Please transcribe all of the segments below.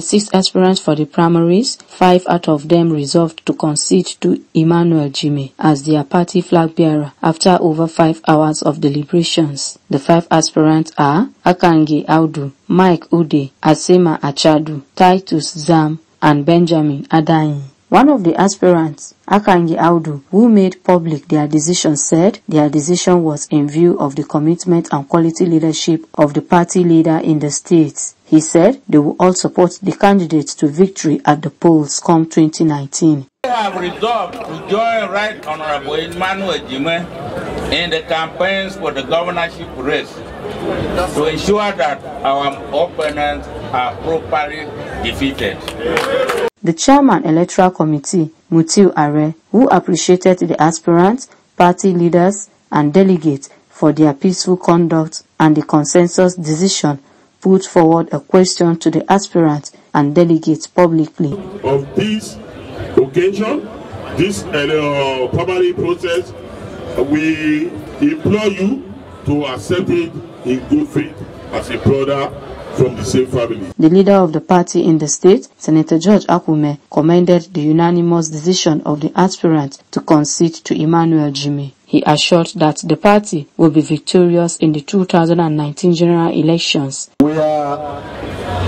Six aspirants for the primaries, five out of them resolved to concede to Emmanuel Jimmy as their party flag bearer after over five hours of deliberations. The five aspirants are Akangi Audu, Mike Ude, Asema Achadu, Titus Zam, and Benjamin Adain. One of the aspirants, Akangi Audu, who made public their decision said their decision was in view of the commitment and quality leadership of the party leader in the states. He said they will all support the candidates to victory at the polls come 2019. We have resolved to join Right Honorable Emmanuel Jime in the campaigns for the governorship race to ensure that our opponents are properly defeated. The chairman electoral committee, Mutiu Are, who appreciated the aspirant, party leaders and delegates for their peaceful conduct and the consensus decision, put forward a question to the aspirant and delegates publicly. Of this occasion, this uh, primary process, we implore you to accept it in good faith as a brother from the same family. The leader of the party in the state, Senator George Akume, commended the unanimous decision of the aspirant to concede to Emmanuel Jimmy. He assured that the party will be victorious in the 2019 general elections. We are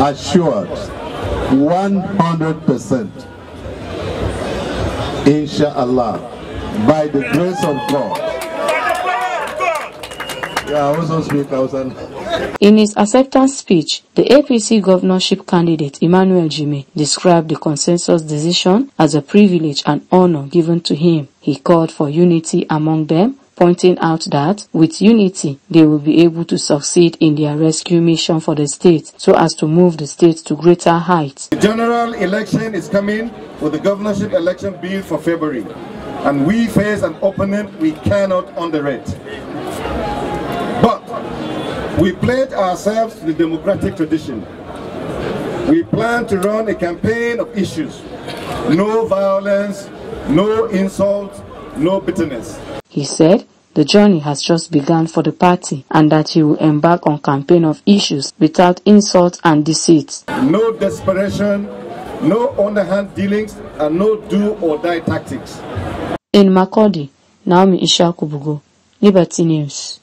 assured 100% inshallah by the grace of God. Yeah, I also speak Hausa. In his acceptance speech, the APC governorship candidate Emmanuel Jimmy described the consensus decision as a privilege and honor given to him. He called for unity among them pointing out that with unity they will be able to succeed in their rescue mission for the state so as to move the state to greater heights. The general election is coming with the governorship election bill for February and we face an opponent we cannot underrate. We pledge ourselves to the democratic tradition. We plan to run a campaign of issues. No violence, no insult, no bitterness. He said the journey has just begun for the party and that he will embark on campaign of issues without insult and deceit. No desperation, no underhand dealings, and no do or die tactics. In Makodi, Naomi Ishakubugo, Liberty News.